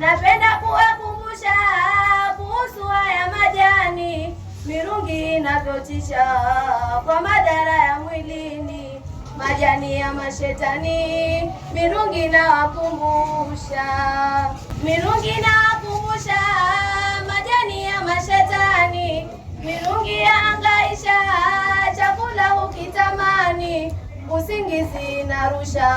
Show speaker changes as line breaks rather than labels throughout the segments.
Napenda kuwakumbusha kuhusu haya majani, mirungi inavyotisha kwa madhara ya mwilini. Majani ya mashetani, mirungi inawakumbusha, mirungi inawakumbusha majani ya mashetani, mirungi ya angaisha chakula ukitamani, usingizi narusha,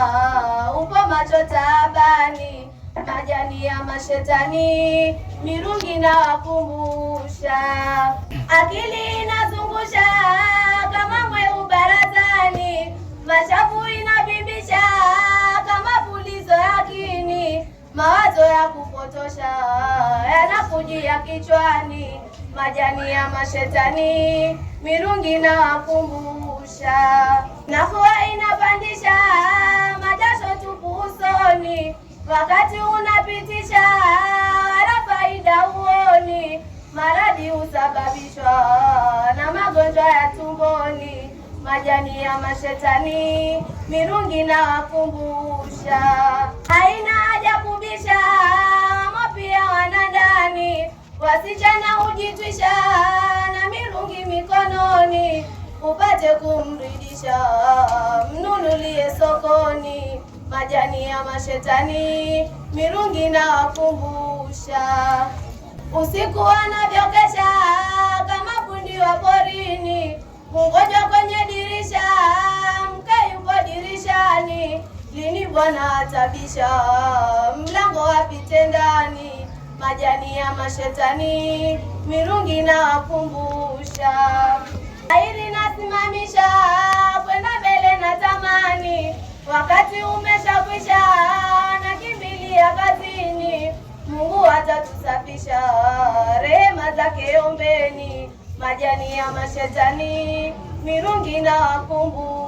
upo macho taabani majani ya mashetani, mirungi na wakumbusha, akili inazungusha kama mweu barazani, mashavu inabibisha kama pulizo yakini, mawazo ya kupotosha yanakujia kichwani, majani ya mashetani, mirungi na wakumbusha, nafua inapandisha majani ya mashetani, mirungi na wakumbusha, aina haja kubisha, mapia wanadani, wasichana hujitwisha na mirungi mikononi, upate kumridisha mnunulie sokoni, majani ya mashetani, mirungi na wakumbusha, usiku wanavyoke Bwana atabisha mlango wapite ndani, majani ya mashetani mirungi na wakumbusha. Shairi nasimamisha kwenda mbele na tamani, wakati umeshakwisha na kimbilia kazini. Mungu atatusafisha, rehema zake ombeni, majani ya mashetani mirungi na wakumbusha